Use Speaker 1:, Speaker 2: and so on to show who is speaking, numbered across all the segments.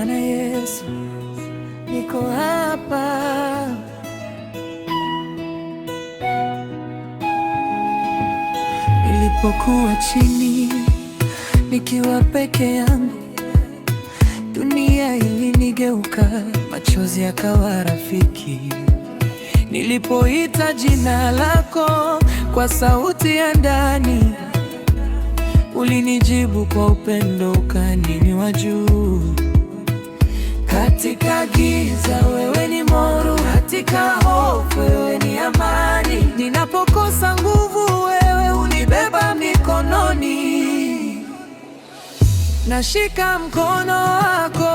Speaker 1: Bwana Yesu, niko hapa, nilipokuwa chini nikiwa peke yangu, dunia ilinigeuka, machozi yakawa rafiki. Nilipoita jina lako kwa sauti ya ndani, ulinijibu kwa upendo, ukaninywa juu
Speaker 2: katika giza wewe ni moru katika hofu wewe ni amani.
Speaker 1: Ninapokosa nguvu, wewe unibeba mikononi, nashika mkono wako.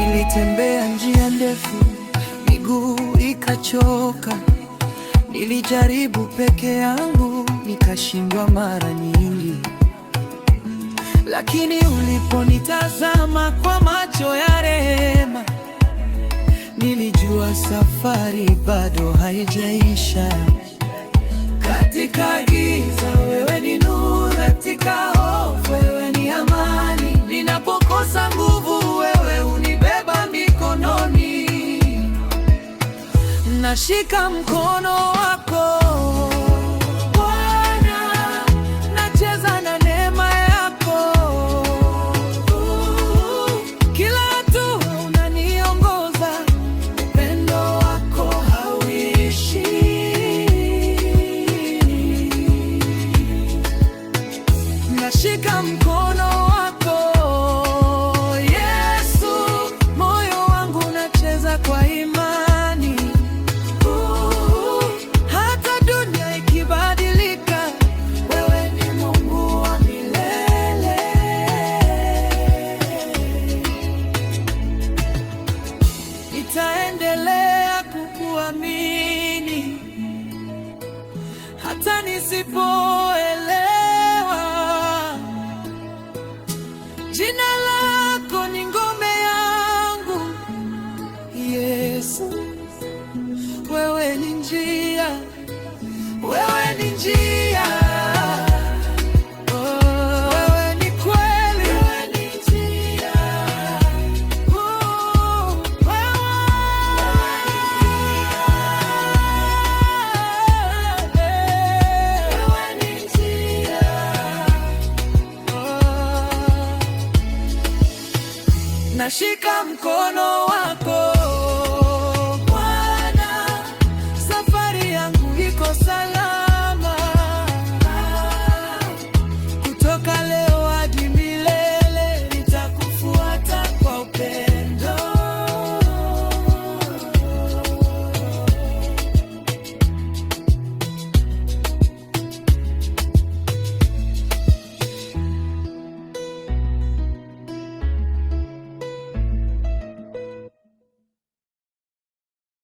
Speaker 1: Nilitembea njia ndefu, miguu ikachoka. Nilijaribu peke yangu, nikashindwa mara nyingi, lakini uliponitazama kwa macho ya rehema, nilijua safari bado haijaisha.
Speaker 2: Katika giza
Speaker 1: nashika mkono wako nisipoelewa. Jina lako ni ngome yangu, Yesu. Wewe ni njia,
Speaker 2: wewe ni njia
Speaker 1: nashika mkono